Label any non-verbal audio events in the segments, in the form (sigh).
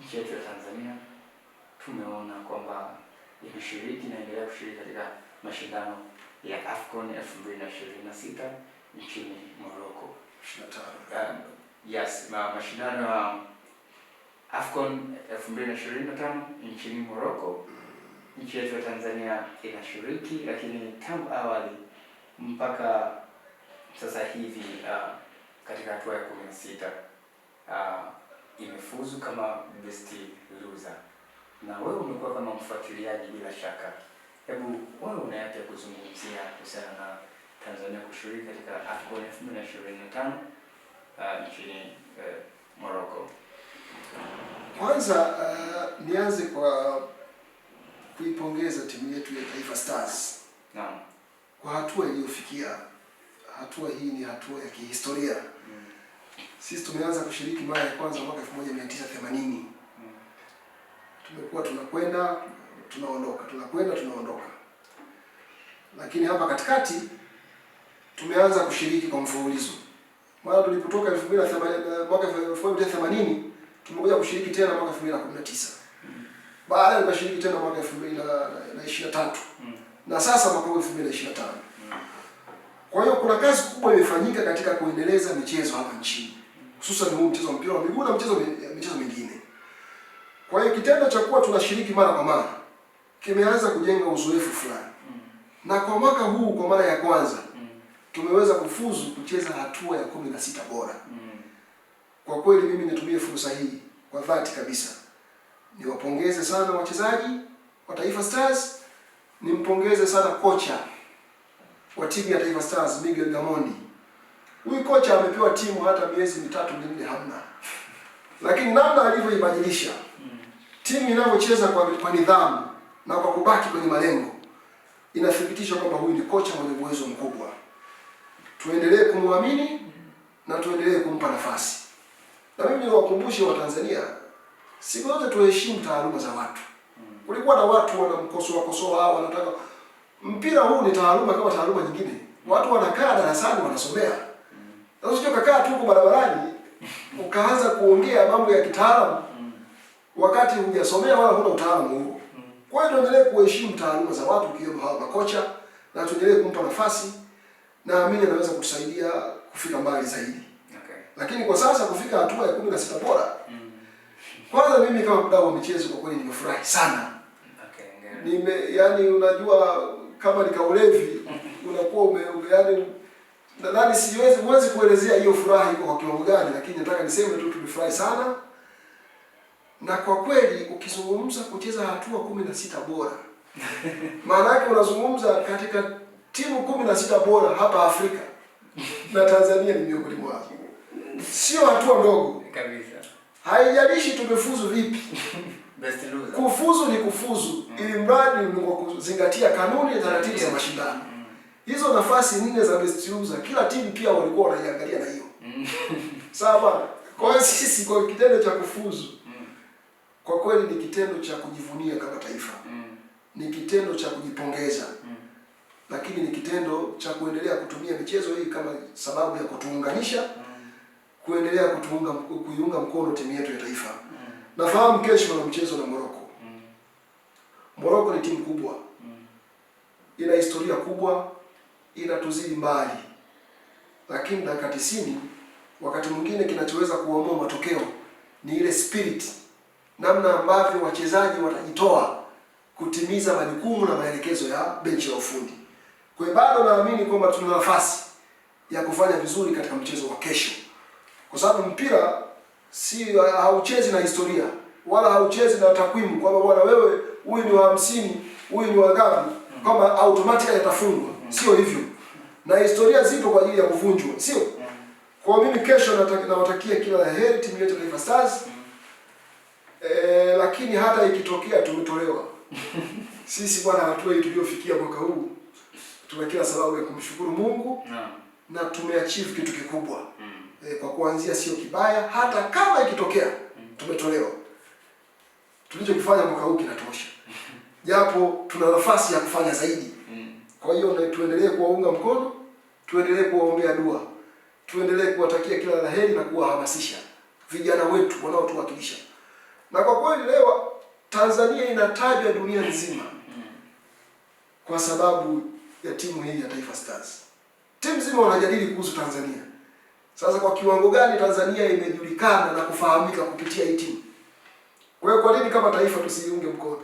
nchi yetu ya Tanzania tumeona kwamba imeshiriki na endelea kushiriki katika mashindano ya AFCON 2026 nchini Morocco. 25. yes, ma mashindano ya AFCON 2025 nchini Morocco. Mm. Nchi yetu ya Tanzania inashiriki, lakini tangu awali mpaka sasa hivi uh, katika hatua ya 16 uh, imefuzu kama best loser, na wewe umekuwa kama mfuatiliaji bila shaka. Hebu wewe una yapi ya kuzungumzia kuhusiana na Tanzania kushiriki katika AFCON 2025 uh, nchini uh, Morocco? Kwanza uh, nianze kwa kuipongeza timu yetu ya Taifa Stars. Naam. Kwa hatua iliyofikia. Hatua hii ni hatua ya kihistoria. Hmm. Sisi tumeanza kushiriki mara ya kwanza mwaka 1980. mm. Tumekuwa tunakwenda tunaondoka, tunakwenda tunaondoka. Lakini hapa katikati tumeanza kushiriki kwa mfululizo. mara tulipotoka 2080 mwaka 1980 tumekuja kushiriki tena mwaka 2019. mm. baada ya kushiriki tena mwaka 2023. Na sasa mwaka 2025. Mm. Kwa hiyo kuna kazi kubwa imefanyika katika kuendeleza michezo hapa nchini hususan huu mchezo wa mpira wa miguu na mchezo michezo mingine. Kwa hiyo kitendo cha kuwa tunashiriki mara kwa mara kimeanza kujenga uzoefu fulani, mm. na kwa mwaka huu kwa mara ya kwanza mm. tumeweza kufuzu kucheza hatua ya kumi na sita bora. Mm. Kwa kweli mimi nitumie fursa hii kwa dhati kabisa niwapongeze sana wachezaji wa Taifa Stars, nimpongeze sana kocha wa timu ya Taifa Stars Miguel Gamondi Huyu kocha amepewa timu hata miezi mitatu minne hamna, lakini namna alivyoibadilisha timu inavyocheza kwa, kwa nidhamu na kwa kubaki kwenye malengo inathibitisha kwamba huyu ni kocha mwenye uwezo mkubwa. Tuendelee kumwamini na tuendelee kumpa nafasi. Na mimi niwakumbushe Watanzania, siku zote tuheshimu taaluma za watu. Kulikuwa na watu wanamkosoa kosoa hao, wanataka mpira huu ni taaluma kama taaluma nyingine. Watu wanakaa darasani wanasomea Sio kakaa tu barabarani ukaanza kuongea mambo ya kitaalamu wakati hujasomea wala huna utaalamu huo. Kwa hiyo tuendelee kuheshimu taaluma za watu kiwemo hawa makocha na tuendelee kumpa nafasi, naamini anaweza kutusaidia kufika mbali zaidi. Okay. Lakini kwa sasa kufika hatua ya kumi na sita bora. Mm. Kwanza mimi kama mdau wa michezo kwa kweli nimefurahi sana. Okay. Nime, yani unajua kama ni kaulevi (laughs) unakuwa ume, ume yani nadhani siwezi huwezi kuelezea hiyo furaha iko kwa kiwango gani, lakini nataka niseme tu tulifurahi sana, na kwa kweli ukizungumza kucheza hatua kumi na sita bora (laughs) maana yake unazungumza katika timu kumi na sita bora hapa Afrika na Tanzania ni miongoni mwao, sio hatua ndogo kabisa. Haijalishi tumefuzu vipi (laughs) Best loser. Kufuzu ni kufuzu, mm. ili mradi ni kuzingatia kanuni na taratibu za mashindano hizo nafasi nne za best loser, kila timu pia walikuwa wanaiangalia na hiyo mm. sawa bwana. Kwa hiyo sisi kwa kitendo cha kufuzu mm. kwa kweli ni kitendo cha kujivunia kama taifa mm. Ni kitendo cha kujipongeza mm. Lakini ni kitendo cha kuendelea kutumia michezo hii kama sababu ya kutuunganisha mm. Kuendelea kutuunga kuiunga mkono timu yetu ya taifa mm. Nafahamu kesho na mchezo na Morocco mm. Morocco ni timu kubwa mm. Ina historia kubwa tuzidi mbali, lakini dakika tisini, wakati mwingine kinachoweza kuamua matokeo ni ile spirit, namna ambavyo wachezaji watajitoa kutimiza majukumu na maelekezo ya benchi ya ufundi. Kwa hiyo bado naamini kwamba tuna nafasi ya kufanya vizuri katika mchezo wa kesho, kwa sababu mpira si hauchezi na historia wala hauchezi na takwimu kwamba bwana wewe, huyu ni wa hamsini, huyu ni wa ngapi, kwamba automatically atafungwa. Sio hivyo na historia zipo kwa ajili ya kuvunjwa, sio? Mm. Kwa mimi kesho nawatakia kila la heri timu yetu Taifa Stars. E, lakini hata ikitokea tumetolewa (laughs) sisi bwana, hatua hii tuliyofikia mwaka huu tuna kila sababu ya kumshukuru Mungu na, na tumeachieve kitu kikubwa mm. E, kwa kuanzia sio kibaya, hata kama ikitokea mm. tumetolewa, tulichokifanya mwaka huu kinatosha (laughs) japo tuna nafasi ya kufanya zaidi mm. Kwa hiyo tuendelee kuwaunga mkono tuendelee kuwaombea dua, tuendelee kuwatakia kila la heri na kuwahamasisha vijana wetu wanaotuwakilisha. Na kwa kweli leo Tanzania inatajwa dunia nzima kwa sababu ya timu hii ya Taifa Stars. Timu zima wanajadili kuhusu Tanzania. Sasa kwa kiwango gani Tanzania imejulikana na kufahamika kupitia hii timu? Kwa hiyo kwa nini kama taifa tusiiunge mkono?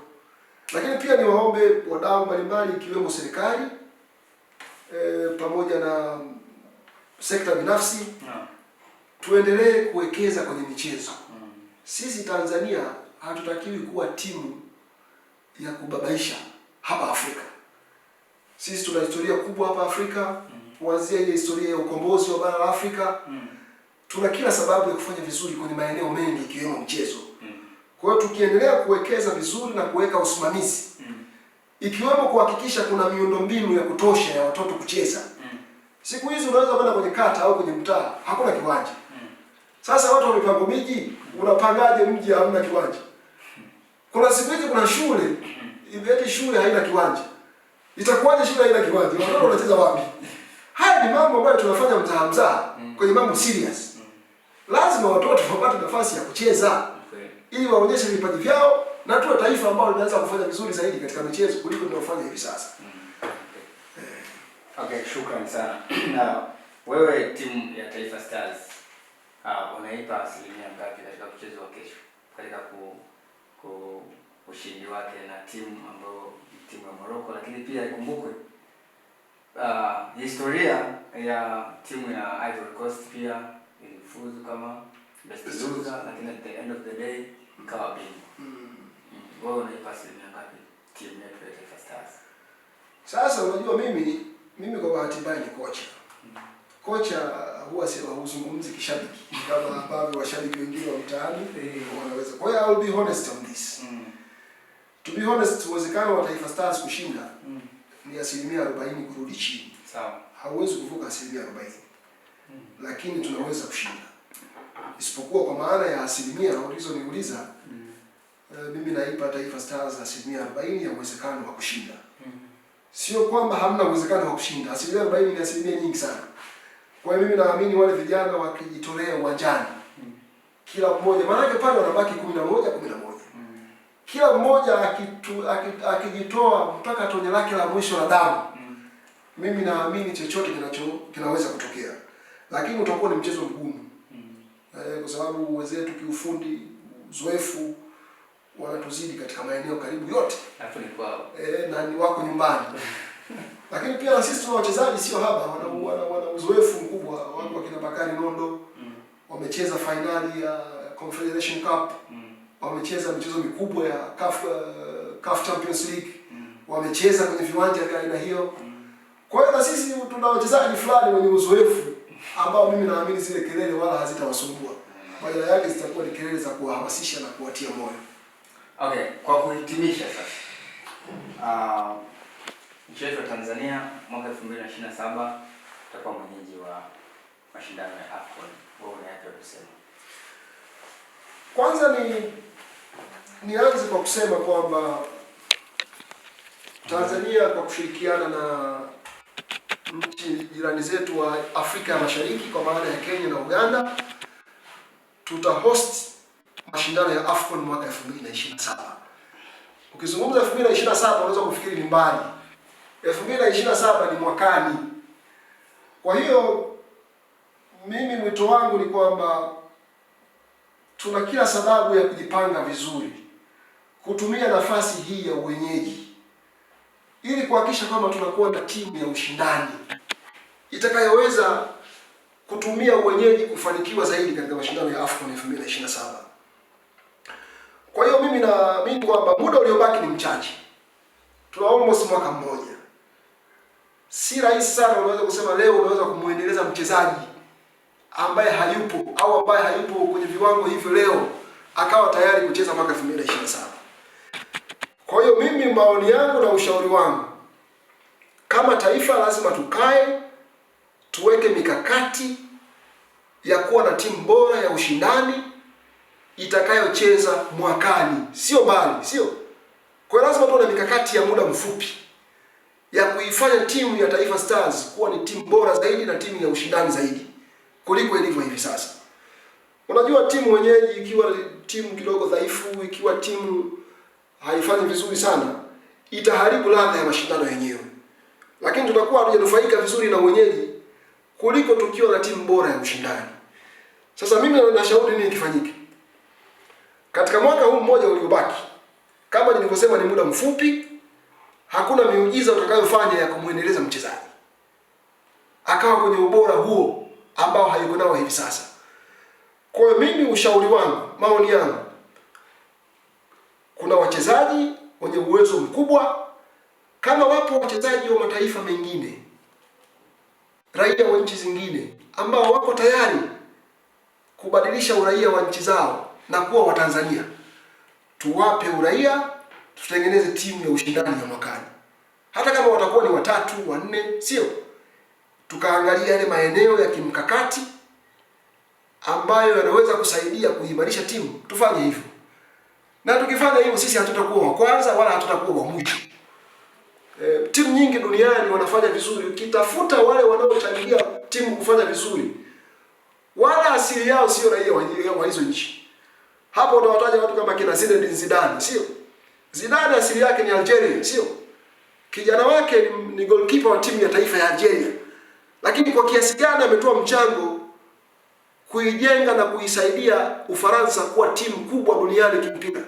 Lakini pia niwaombe wadau mbalimbali ikiwemo serikali pamoja na sekta binafsi yeah. Tuendelee kuwekeza kwenye michezo mm. Sisi Tanzania hatutakiwi kuwa timu ya kubabaisha hapa Afrika. Sisi tuna historia kubwa hapa Afrika mm. kuanzia mm. ile historia ya ukombozi wa bara la Afrika mm. Tuna kila sababu ya kufanya vizuri kwenye maeneo mengi ikiwemo mchezo mm. Kwa hiyo tukiendelea kuwekeza vizuri na kuweka usimamizi mm ikiwemo kuhakikisha kuna miundombinu ya kutosha ya watoto kucheza. Mm. Siku hizi unaweza kwenda kwenye kata au kwenye mtaa, hakuna kiwanja. Mm. Sasa watu wa mipango miji, mm. unapangaje mji hamna kiwanja? Mm. Kuna siku hizi kuna shule, mm. ibeti shule haina kiwanja. Itakuwaje shule haina kiwanja? Watoto wanacheza wapi? Haya ni mambo ambayo tunafanya mzaha mzaha kwenye mambo serious. Lazima watoto wapate nafasi ya kucheza Okay. ili waonyeshe vipaji vyao na tuwe taifa ambalo linaweza kufanya vizuri zaidi katika michezo kuliko tunaofanya hivi sasa. Mm. Okay, shukrani sana. (clears throat) Na wewe timu ya Taifa Stars uh, unaipa asilimia ngapi katika mchezo wa kesho katika ku, ku ushindi wake na timu ambayo timu ya Morocco, lakini pia ikumbukwe uh, historia ya timu ya Ivory Coast pia ilifuzu kama best loser, lakini at the end of the day ikawa bingwa. Mm. Sasa unajua mimi mimi kwa bahati mbaya ni kocha. Mm. Kocha huwa si huzungumzi kishabiki kama ambavyo washabiki wengine wa mtaani eh. wanaweza. Kwa hiyo I'll be honest on this. Mm. To be honest, uwezekano wa Taifa Stars kushinda mm. ni asilimia arobaini kurudi chini. Sawa. Hauwezi kuvuka asilimia arobaini. Mm. Lakini tunaweza kushinda. Isipokuwa kwa maana ya asilimia ulizoniuliza niuliza Eh, mimi naipa Taifa Stars asilimia arobaini ya uwezekano wa kushinda. Hmm. Sio kwamba hamna uwezekano wa kushinda, asilimia arobaini ni asilimia nyingi sana. Kwa hiyo mimi naamini wale vijana wakijitolea uwanjani hmm. kila mmoja, maanake pale wanabaki kumi na moja kumi na moja hmm. kila mmoja akitu, akit, akijitoa mpaka tone lake la mwisho la damu mm. Mimi naamini chochote kinacho kinaweza kutokea, lakini utakuwa ni mchezo mgumu mm. Eh, kwa sababu wenzetu kiufundi, uzoefu wametuzidi katika maeneo karibu yote e, na ni wako nyumbani (laughs) lakini pia na sisi tuna wachezaji sio haba, wana, mm. wana, wana uzoefu mkubwa wako wakina Bakari Nondo mm. wamecheza fainali ya Confederation Cup mm. wamecheza michezo mikubwa ya CAF, uh, CAF Champions League mm. wamecheza kwenye viwanja vya aina hiyo mm. kwa hiyo na sisi tuna wachezaji fulani wenye uzoefu ambao mimi naamini zile kelele wala hazitawasumbua, mm. badala yake zitakuwa ni kelele za kuwahamasisha na kuwatia moyo. Okay, kwa kuhitimisha sasa, uh, yetu ya Tanzania mwaka 2027 utakuwa mwenyeji wa mashindano ya AFCON. kusema? Kwanza ni nianze kwa kusema kwamba Tanzania kwa kushirikiana na nchi jirani zetu wa Afrika ya Mashariki kwa maana ya Kenya na Uganda tutahost mashindano ya AFCON mwaka 2027. Ukizungumza 2027 unaweza kufikiri ni mbali. 2027 ni mwakani. Kwa hiyo mimi mwito wangu ni kwamba tuna kila sababu ya kujipanga vizuri, kutumia nafasi hii ya uwenyeji ili kuhakikisha kwamba tunakuwa na timu ya ushindani itakayoweza kutumia uwenyeji kufanikiwa zaidi katika mashindano ya AFCON 2027. Kwa hiyo mimi naamini kwamba muda uliobaki ni mchache, tuna almost mwaka mmoja. Si rahisi sana, unaweza kusema leo unaweza kumwendeleza mchezaji ambaye hayupo au ambaye hayupo kwenye viwango hivyo leo akawa tayari kucheza mwaka 2027. Kwa hiyo mimi, maoni yangu na ushauri wangu, kama taifa lazima tukae tuweke mikakati ya kuwa na timu bora ya ushindani itakayocheza mwakani, sio mbali, sio kwa lazima tuwe na mikakati ya muda mfupi ya kuifanya timu ya Taifa Stars kuwa ni timu bora zaidi na timu ya ushindani zaidi kuliko ilivyo hivi sasa. Unajua, timu mwenyeji ikiwa timu kidogo dhaifu, ikiwa timu haifanyi vizuri sana, itaharibu ladha ya mashindano yenyewe, lakini tutakuwa hatujanufaika vizuri na mwenyeji kuliko tukiwa na timu bora ya ushindani. Sasa mimi nashauri nini kifanyike? Katika mwaka huu mmoja uliobaki, kama nilivyosema, ni muda mfupi, hakuna miujiza utakayofanya ya kumwendeleza mchezaji akawa kwenye ubora huo ambao hayuko nao hivi sasa. Kwa hiyo mimi, ushauri wangu, maoni yangu, kuna wachezaji wenye uwezo mkubwa, kama wapo wachezaji wa mataifa mengine, raia wa nchi zingine ambao wako tayari kubadilisha uraia wa nchi zao na kuwa Watanzania, tuwape uraia, tutengeneze timu ya ushindani ya mwakani, hata kama watakuwa ni watatu wanne, sio tukaangalia yale maeneo ya kimkakati ambayo yanaweza kusaidia kuimarisha timu, tufanye hivyo. Na tukifanya hivyo sisi hatutakuwa wa kwanza wala hatutakuwa wa mwisho. E, timu nyingi duniani wanafanya vizuri. Ukitafuta wale wanaochangia timu kufanya vizuri, wala asili yao sio raia wa hizo nchi hapo utawataja watu kama kina Zinedine Zidane, sio? Zidane asili yake ni Algeria, sio? Kijana wake ni, ni goalkeeper wa timu ya taifa ya Algeria, lakini kwa kiasi gani ametoa mchango kuijenga na kuisaidia Ufaransa kuwa timu kubwa duniani kimpira,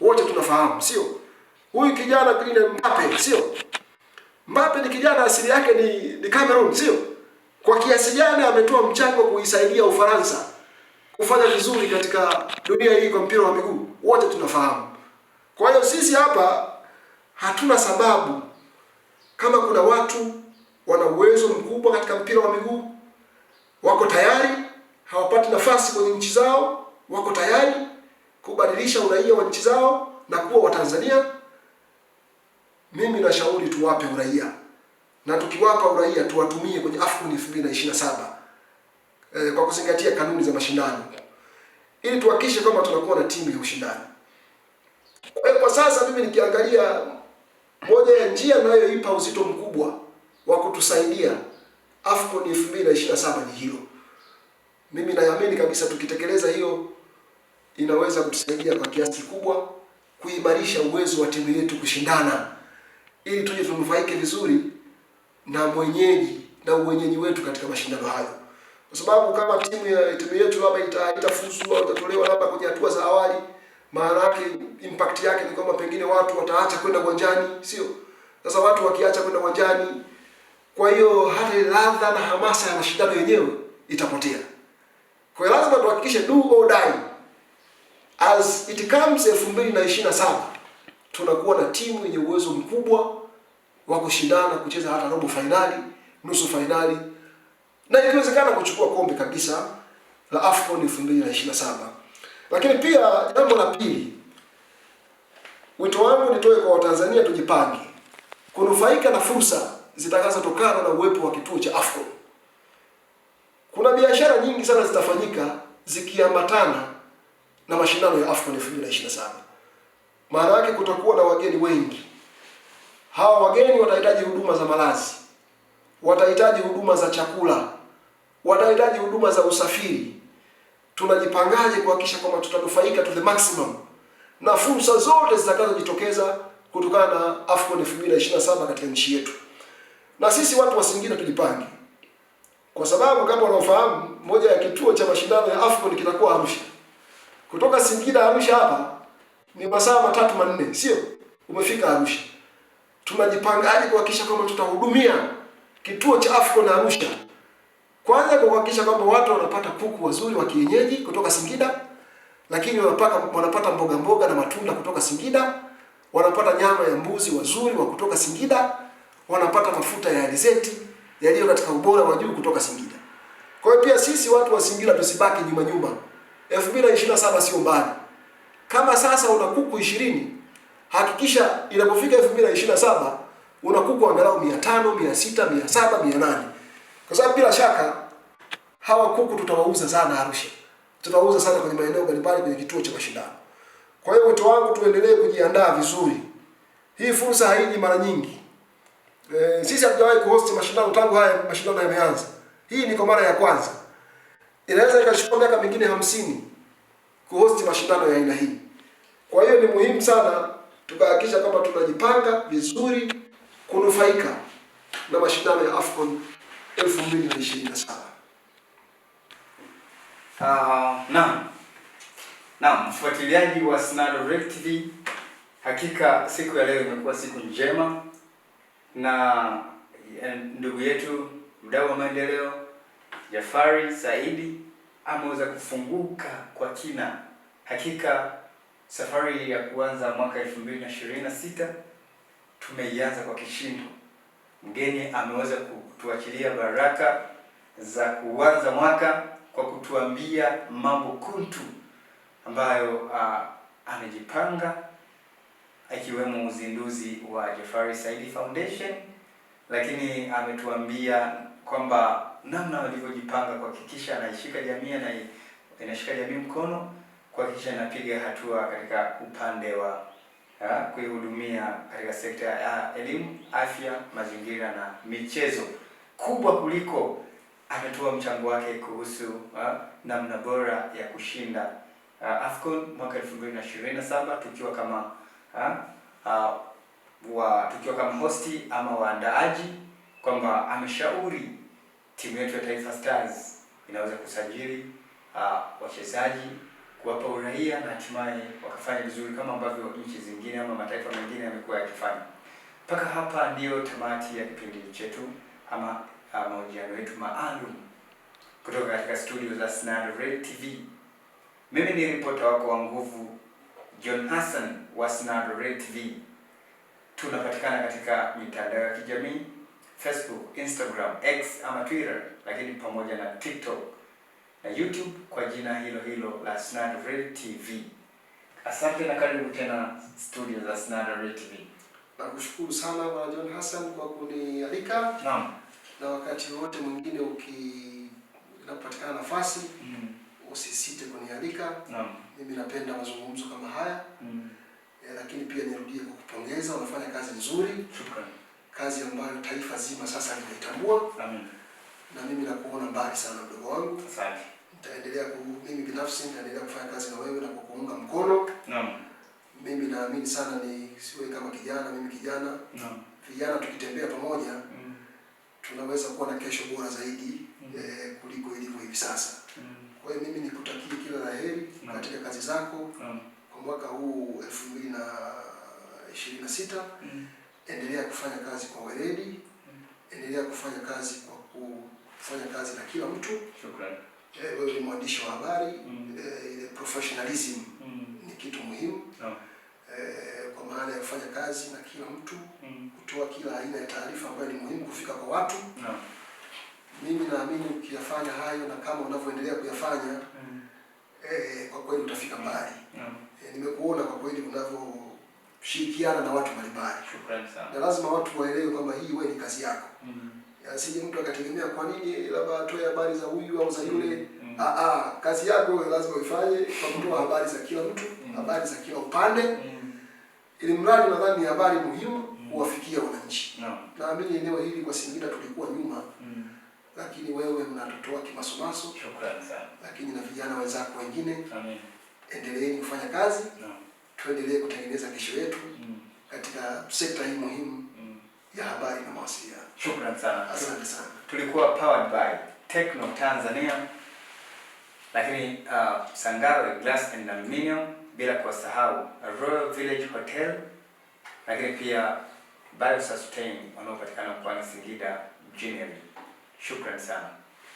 wote tunafahamu, sio? Huyu kijana kile Mbappe, sio? Mbappe ni kijana asili yake ni, ni Cameroon, sio? Kwa kiasi gani ametoa mchango kuisaidia Ufaransa kufanya vizuri katika dunia hii kwa mpira wa miguu, wote tunafahamu. Kwa hiyo sisi hapa hatuna sababu, kama kuna watu wana uwezo mkubwa katika mpira wa miguu, wako tayari, hawapati nafasi kwenye nchi zao, wako tayari kubadilisha uraia wa nchi zao na kuwa Watanzania, mimi nashauri tuwape uraia, na tukiwapa uraia tuwatumie kwenye AFCON 2027 eh, kwa kuzingatia kanuni za mashindano ili tuhakikishe kama tunakuwa na timu ya ushindani. Kwa hiyo kwa sasa mimi nikiangalia moja ya njia nayoipa uzito mkubwa wa kutusaidia AFCON 2027 ni hilo. Mimi naamini kabisa tukitekeleza hiyo inaweza kutusaidia kwa kiasi kikubwa kuimarisha uwezo wa timu yetu kushindana ili tuje tunufaike vizuri na mwenyeji na uwenyeji wetu katika mashindano hayo kwa sababu kama timu ya timu yetu labda haitafuzu au itatolewa labda kwenye hatua za awali, maana yake impact yake ni kwamba pengine watu wataacha kwenda uwanjani, sio? Sasa watu wakiacha kwenda uwanjani, kwa hiyo hata ladha na hamasa ya mashindano yenyewe itapotea. Kwa hiyo lazima tuhakikishe do or die as it comes 2027 tunakuwa na timu yenye uwezo mkubwa wa kushindana kucheza hata robo fainali, nusu fainali na ikiwezekana kuchukua kombe kabisa la AFCON 2027. Lakini pia jambo la pili, wito wangu nitoe kwa Watanzania, tujipange kunufaika na fursa zitakazotokana na uwepo wa kituo cha AFCON. Kuna biashara nyingi sana zitafanyika zikiambatana na mashindano ya AFCON 2027. Maana yake kutakuwa na wageni wengi. Hawa wageni watahitaji huduma za malazi, watahitaji huduma za chakula wanaohitaji huduma za usafiri, tunajipangaje kuhakikisha kwamba tutanufaika to the maximum na fursa zote zitakazojitokeza kutokana na AFCON 2027 katika nchi yetu. Na sisi watu wa Singida tujipange, kwa sababu kama wanaofahamu, moja ya kituo cha mashindano ya AFCON kitakuwa Arusha. Kutoka Singida Arusha hapa ni masaa matatu manne, sio? Umefika Arusha, tunajipangaje kuhakikisha kwamba tutahudumia kituo cha AFCON na Arusha kwanza kwa kuhakikisha kwamba watu wanapata kuku wazuri wa kienyeji kutoka Singida, lakini wanapata, wanapata mboga mboga na matunda kutoka Singida, wanapata nyama ya mbuzi wazuri wa kutoka Singida, wanapata mafuta ya alizeti yaliyo katika ubora wa juu kutoka Singida. Kwa hiyo pia sisi watu wa Singida tusibaki nyuma nyuma. 2027 sio mbali. Kama sasa una kuku 20, hakikisha inapofika 2027 una kuku angalau 500, 600, 700, 800. Kwa sababu bila shaka hawa kuku tutawauza sana Arusha, tutawauza sana kwenye maeneo mbalimbali, kwenye kituo cha mashindano. Kwa hiyo wito wangu tuendelee kujiandaa vizuri, hii fursa haiji mara nyingi. E, sisi hatujawahi kuhost mashindano tangu haya mashindano yameanza. Hii ni kwa mara ya kwanza, inaweza ikachukua miaka mingine hamsini kuhost mashindano ya aina hii. Kwa hiyo ni muhimu sana tukahakikisha kwamba tunajipanga vizuri kunufaika na mashindano ya AFCON elfu mbili na ishirini na saba. Uh, naam. Naam, mfuatiliaji wa Snada TV, hakika siku ya leo imekuwa siku njema na eh, ndugu yetu mdau wa maendeleo Jafari Saidi ameweza kufunguka kwa kina. Hakika safari ya kuanza mwaka sita tumeianza kwa kishindo mgeni ameweza kutuachilia baraka za kuanza mwaka kwa kutuambia mambo kuntu ambayo uh, amejipanga ikiwemo uzinduzi wa Jafari Saidi Foundation, lakini ametuambia kwamba namna walivyojipanga kuhakikisha anaishika jamii na inashika jamii mkono kuhakikisha inapiga hatua katika upande wa kuihudumia katika sekta ya elimu, afya, mazingira na michezo, kubwa kuliko ametoa mchango wake kuhusu namna bora ya kushinda AFCON mwaka 2027 tukiwa kama ya, ya, wa tukiwa kama hosti ama waandaaji, kwamba ameshauri timu yetu ya Taifa Stars inaweza kusajili wachezaji kuwapa uraia na hatimaye wakafanya vizuri kama ambavyo nchi zingine ama mataifa mengine yamekuwa yakifanya. Mpaka hapa ndiyo tamati ya kipindi chetu ama ah, mahojiano yetu maalum kutoka katika studio za Red TV. Mimi ni ripota wako wa nguvu John Hassan wa Red TV. Tunapatikana katika mitandao ya kijamii Facebook, Instagram, X ama Twitter, lakini pamoja na TikTok na YouTube kwa jina hilo hilo la Snadareal TV. Asante na karibu tena studio za Snadareal TV. Nakushukuru sana Bwana John Hassan kwa kunialika. Naam. Na wakati wote mwingine ukinapatikana nafasi mm. usisite kunialika. Naam. Mimi napenda mazungumzo kama haya mm. E, lakini pia nirudie kukupongeza, unafanya kazi nzuri. Shukrani. Kazi ambayo taifa zima sasa linaitambua. Amen na mimi nakuona mbali sana mdogo wangu. Asante. Nitaendelea ku mimi binafsi nitaendelea kufanya kazi na wewe na kukuunga mkono. Naam. Mimi naamini sana ni siwe kama kijana, mimi kijana. Naam. Vijana tukitembea pamoja mm. tunaweza kuwa na kesho bora zaidi mm. eh, kuliko ilivyo hivi sasa. Mm. Kwa hiyo mimi nikutakie kila la heri katika kazi zako. Naam. Kwa mwaka huu 2026 mm. endelea kufanya kazi kwa weledi. Mm. Endelea kufanya kazi kwa ku kufanya kazi na kila mtu. Shukrani. Eh, wewe ni mwandishi wa habari mm. Eh, professionalism mm. ni kitu muhimu no. Eh, kwa maana ya kufanya kazi na kila mtu mm. kutoa kila aina ya taarifa ambayo ni muhimu kufika kwa watu no. Mimi naamini ukiyafanya hayo na kama unavyoendelea kuyafanya mm. eh, kwa kweli utafika mbali no. Eh, nimekuona kwa kweli unavyo shirikiana na watu mbalimbali. Shukrani sana. Na lazima watu waelewe kwamba hii wewe ni kazi yako. Mm. Eh, asije mtu akategemea kwa nini labda atoe habari za huyu au za yule. Mm. mm. Ah, ah, kazi yako wewe lazima uifanye kwa kutoa habari za kila mtu, mm. habari za kila upande. Mm. Ili mradi nadhani ni habari muhimu kuwafikia wananchi. Mm. No. Naamini eneo hili kwa Singida tulikuwa nyuma. Mm. Lakini wewe mnatotoa kimasomaso. Shukrani sana. Lakini na vijana wenzako wengine. Amen. Endeleeni kufanya kazi. No. Tuendelee kutengeneza kesho yetu. Mm. Katika sekta hii muhimu ya habari na mawasiliano. Shukrani sana. Asante sana. Tulikuwa powered by Techno Tanzania lakini uh, Sangaro Glass and Aluminium bila kuwasahau Royal Village Hotel lakini pia Biosustain wanaopatikana kwa Singida mjini. Shukrani sana.